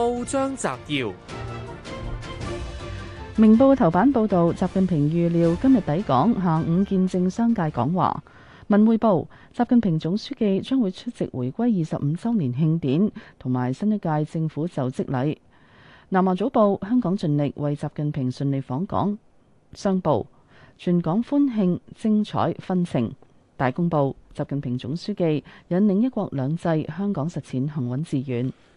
報章摘要：明報頭版報道，習近平預料今日抵港，下午見證商界講話。文匯報：習近平總書記將會出席回歸二十五周年慶典同埋新一屆政府就職禮。南華早報：香港盡力為習近平順利訪港。商報：全港歡慶，精彩紛呈。大公報：習近平總書記引領一國兩制，香港實踐行穩致遠。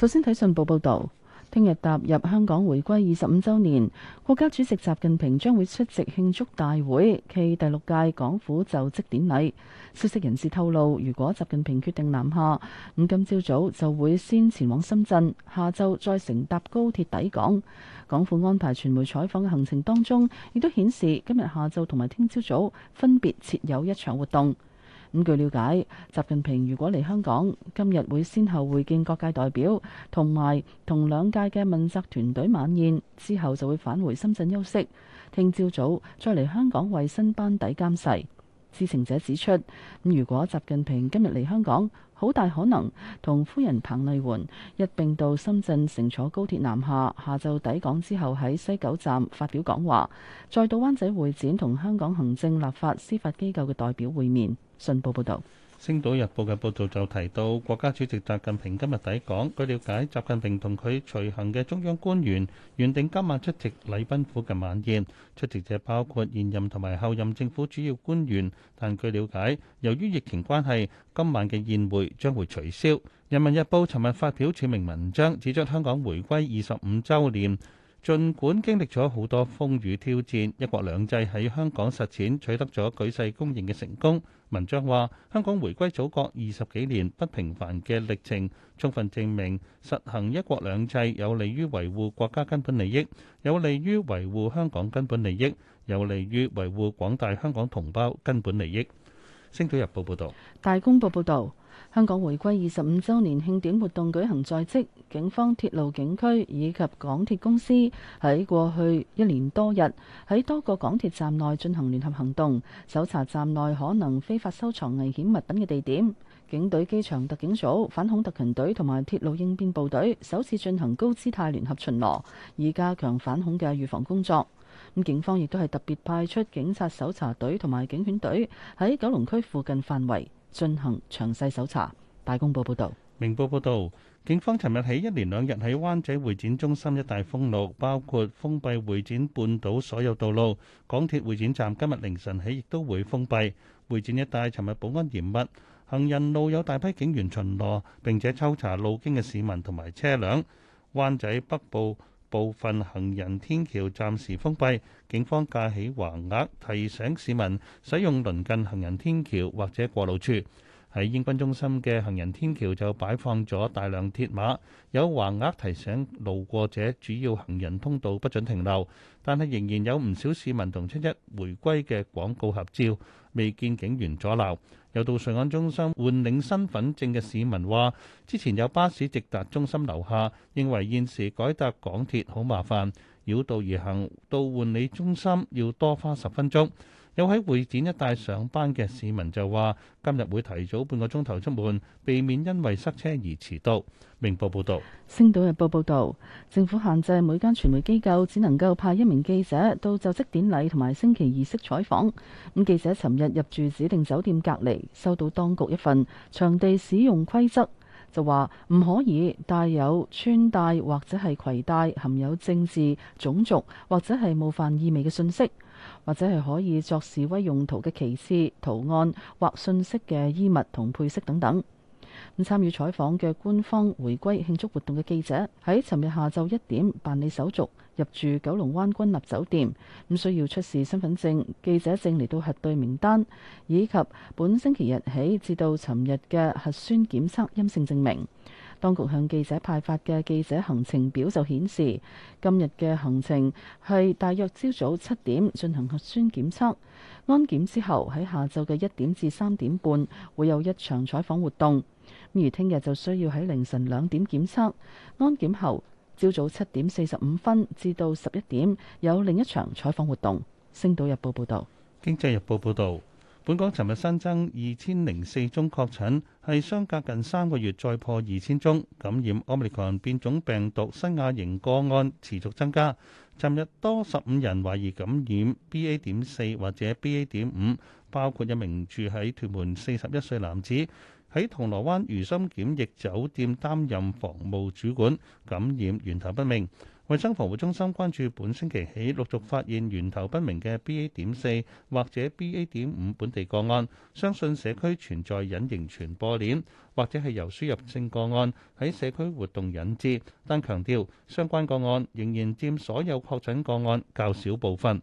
首先睇信報報導，聽日踏入香港回歸二十五週年，國家主席習近平將會出席慶祝大會暨第六屆港府就職典禮。消息人士透露，如果習近平決定南下，咁今朝早就會先前往深圳，下晝再乘搭高鐵抵港。港府安排傳媒採訪嘅行程當中，亦都顯示今日下晝同埋聽朝早分別設有一場活動。咁據了解，習近平如果嚟香港，今日會先後會見各界代表，同埋同兩屆嘅問責團隊晚宴，之後就會返回深圳休息。聽朝早再嚟香港為新班底監誓。知情者指出，如果習近平今日嚟香港，好大可能同夫人彭麗媛一併到深圳乘坐高鐵南下，下晝抵港之後喺西九站發表講話，再到灣仔會展同香港行政、立法、司法機構嘅代表會面，信報報道。《星島日報》嘅報道就提到，國家主席習近平今日抵港。據了解，習近平同佢隨行嘅中央官員原定今晚出席禮賓府嘅晚宴，出席者包括現任同埋後任政府主要官員。但據了解，由於疫情關係，今晚嘅宴會將會取消。《人民日報》尋日發表署名文章，指出香港回歸二十五週年。盡管經歷咗好多風雨挑戰，一國兩制喺香港實踐取得咗舉世公認嘅成功。文章話，香港回歸祖國二十幾年不平凡嘅歷程，充分證明實行一國兩制有利於維護國家根本利益，有利於維護香港根本利益，有利於維護廣大香港同胞根本利益。星島日報報道，大公報報道。香港回歸二十五周年慶典活動舉行在即，警方、鐵路警區以及港鐵公司喺過去一年多日喺多個港鐵站內進行聯合行動，搜查站內可能非法收藏危險物品嘅地點。警隊、機場特警組、反恐特勤隊同埋鐵路應變部隊首次進行高姿態聯合巡邏，以加強反恐嘅預防工作。咁警方亦都係特別派出警察搜查隊同埋警犬隊喺九龍區附近範圍進行詳細搜查。大公報報道：「明報報道，警方尋日起一連兩日喺灣仔會展中心一帶封路，包括封閉會展半島所有道路。港鐵會展站今日凌晨起亦都會封閉。會展一帶尋日保安嚴密，行人路有大批警員巡邏，並且抽查路經嘅市民同埋車輛。」灣仔北部。部分行人天橋暫時封閉，警方架起橫額提醒市民使用鄰近行人天橋或者過路處。喺英君中心嘅行人天橋就擺放咗大量鐵馬，有橫額提醒路過者主要行人通道不准停留，但係仍然有唔少市民同七一回歸嘅廣告合照，未見警員阻撓。又到瑞安中心換領身份證嘅市民話，之前有巴士直達中心樓下，認為現時改搭港鐵好麻煩，繞道而行到換領中心要多花十分鐘。有喺會展一帶上班嘅市民就話，今日會提早半個鐘頭出門，避免因為塞車而遲到。明報報道、星島日報報道，政府限制每間傳媒機構只能夠派一名記者到就職典禮同埋升旗儀式採訪。咁記者尋日入住指定酒店隔離，收到當局一份場地使用規則。就話唔可以帶有穿戴或者係攜帶含有政治、種族或者係冒犯意味嘅信息，或者係可以作示威用途嘅旗幟、圖案或信息嘅衣物同配飾等等。參與採訪嘅官方回歸慶祝活動嘅記者，喺尋日下晝一點辦理手續入住九龍灣君立酒店，唔需要出示身份證、記者證嚟到核對名單，以及本星期日起至到尋日嘅核酸檢測陰性證明。當局向記者派發嘅記者行程表就顯示，今日嘅行程係大約朝早七點進行核酸檢測、安檢之後，喺下晝嘅一點至三點半會有一場採訪活動。咁而聽日就需要喺凌晨兩點檢測、安檢後，朝早七點四十五分至到十一點有另一場採訪活動。星島日報報道。經濟日報報道。本港尋日新增二千零四宗確診，係相隔近三個月再破二千宗。感染 Omicron 變種病毒新亞型個案持續增加。尋日多十五人懷疑感染 BA 點四或者 BA 點五，包括一名住喺屯門四十一歲男子，喺銅鑼灣如心檢疫酒店擔任房務主管，感染源頭不明。衞生防護中心關注本星期起陸續發現源頭不明嘅 BA. 點四或者 BA. 點五本地個案，相信社區存在隱形傳播鏈，或者係由輸入性個案喺社區活動引致，但強調相關個案仍然佔所有確診個案較少部分。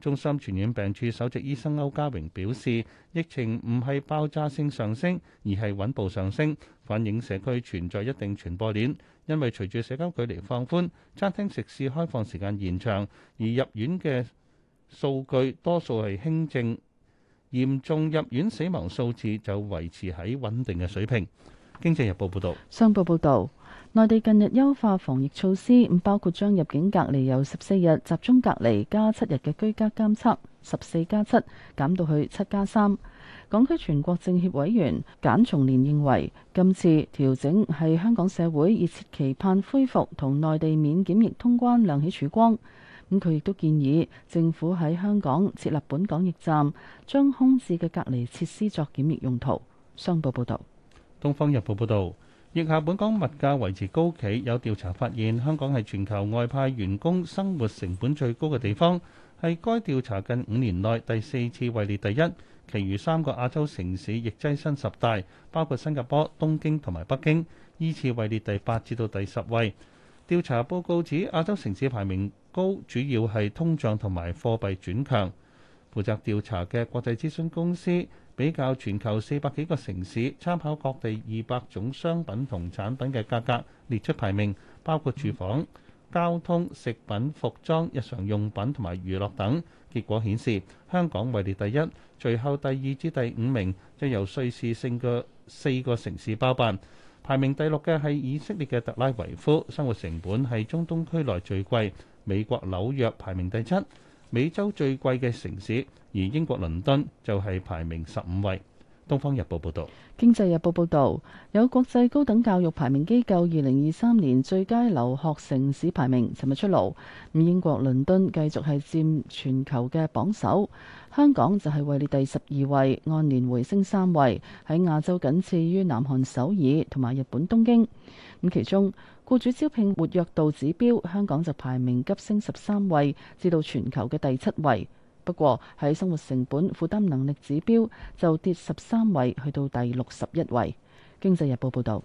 中心傳染病處首席醫生歐家榮表示，疫情唔係爆炸性上升，而係穩步上升，反映社區存在一定傳播鏈。因為隨住社交距離放寬，餐廳食肆開放時間延長，而入院嘅數據多數係輕症，嚴重入院死亡數字就維持喺穩定嘅水平。經濟日報報道，商報報道。內地近日優化防疫措施，包括將入境隔離由十四日集中隔離加七日嘅居家監測，十四加七減到去七加三。港區全國政協委員簡松年認為，今次調整係香港社會熱切期盼恢復同內地免檢疫通關亮起曙光。咁佢亦都建議政府喺香港設立本港驛站，將空置嘅隔離設施作檢疫用途。商報報道，東方日報報道。疫下本港物價維持高企，有調查發現香港係全球外派員工生活成本最高嘅地方，係該調查近五年內第四次位列第一。其餘三個亞洲城市亦躋身十大，包括新加坡、東京同埋北京，依次位列第八至到第十位。調查報告指亞洲城市排名高，主要係通脹同埋貨幣轉強。負責調查嘅國際諮詢公司。比較全球四百幾個城市，參考各地二百種商品同產品嘅價格，列出排名，包括住房、交通、食品、服裝、日常用品同埋娛樂等。結果顯示，香港位列第一，隨後第二至第五名將由瑞士勝嘅四個城市包辦。排名第六嘅係以色列嘅特拉維夫，生活成本係中東區內最貴。美國紐約排名第七。美洲最貴嘅城市，而英國倫敦就係排名十五位。《東方日報》報道，《經濟日報》報道，有國際高等教育排名機構二零二三年最佳留學城市排名，尋日出爐，英國倫敦繼續係佔全球嘅榜首，香港就係位列第十二位，按年回升三位，喺亞洲僅次於南韓首爾同埋日本東京。咁其中僱主招聘活躍度指標香港就排名急升十三位，至到全球嘅第七位。不過喺生活成本負擔能力指標就跌十三位，去到第六十一位。經濟日報報道。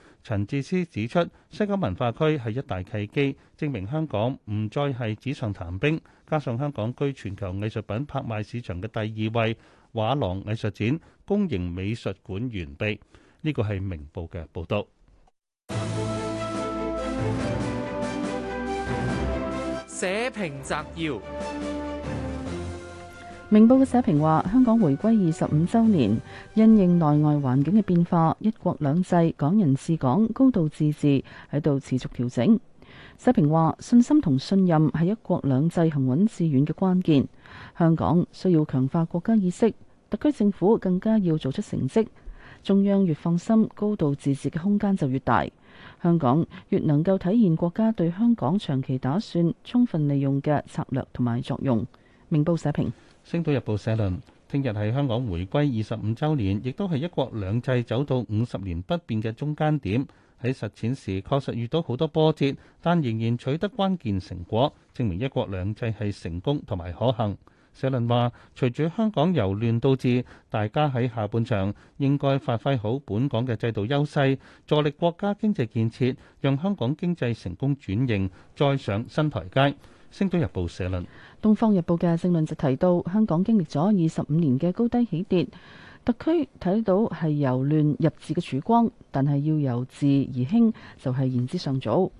陳智思指出，西九文化區係一大契機，證明香港唔再係紙上談兵。加上香港居全球藝術品拍賣市場嘅第二位，畫廊、藝術展、公營美術館完備，呢個係明報嘅報道。社評摘要。明報嘅社評話：香港回歸二十五周年，因應內外環境嘅變化，一國兩制、港人治港、高度自治喺度持續調整。社評話，信心同信任係一國兩制行穩致遠嘅關鍵。香港需要強化國家意識，特區政府更加要做出成績。中央越放心，高度自治嘅空間就越大。香港越能夠體現國家對香港長期打算、充分利用嘅策略同埋作用。明報社評。星島日報社論：聽日係香港回歸二十五週年，亦都係一國兩制走到五十年不變嘅中間點。喺實踐時確實遇到好多波折，但仍然取得關鍵成果，證明一國兩制係成功同埋可行。社論話：隨住香港由亂到治，大家喺下半場應該發揮好本港嘅制度優勢，助力國家經濟建設，讓香港經濟成功轉型，再上新台階。《星島日報》社論，《東方日報》嘅政論就提到，香港經歷咗二十五年嘅高低起跌，特區睇到係由亂入治嘅曙光，但係要由治而興就係、是、言之尚早。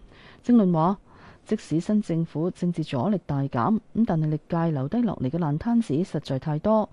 政論話，即使新政府政治阻力大減咁，但係歷屆留低落嚟嘅爛攤子實在太多，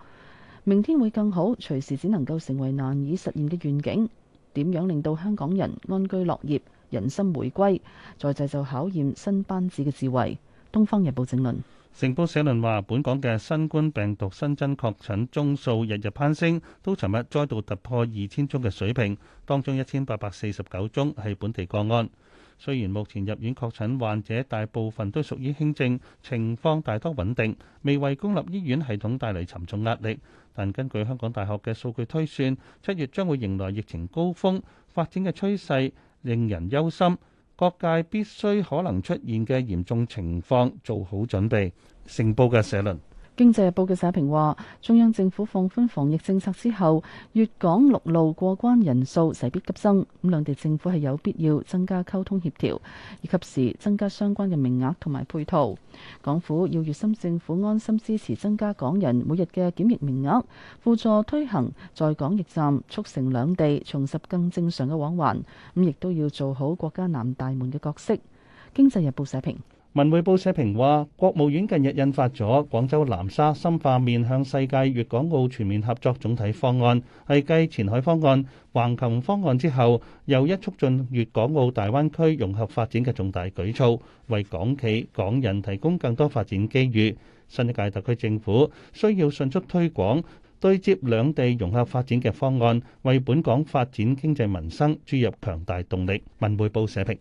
明天會更好，隨時只能夠成為難以實現嘅願景。點樣令到香港人安居樂業、人心回歸，再這就考驗新班子嘅智慧。《東方日報》整論，成報社論話：本港嘅新冠病毒新增確診宗數日日攀升，都尋日再度突破二千宗嘅水平，當中一千八百四十九宗係本地個案。雖然目前入院確診患者大部分都屬於輕症，情況大多穩定，未為公立醫院系統帶嚟沉重壓力，但根據香港大學嘅數據推算，七月將會迎來疫情高峰，發展嘅趨勢令人憂心。各界必須可能出現嘅嚴重情況，做好準備。成報嘅社論。經濟日報嘅社評話，中央政府放寬防疫政策之後，粵港陸路過關人數勢必急增，咁兩地政府係有必要增加溝通協調，以及時增加相關嘅名額同埋配套。港府要粵深政府安心支持，增加港人每日嘅檢疫名額，輔助推行在港驛站，促成兩地重拾更正常嘅往還。咁亦都要做好國家南大門嘅角色。經濟日報社評。文匯報社評話,國務院近日印發咗廣州南沙深化面向世界粵港澳全面合作總體方案,係繼前海方案、橫琴方案之後,又一促進粵港澳大灣區融合發展嘅重大舉措,為港企、港人提供更多發展機遇。新一屆特區政府需要迅速推廣對接兩地融合發展嘅方案,為本港發展經濟民生注入強大動力。文匯報社評。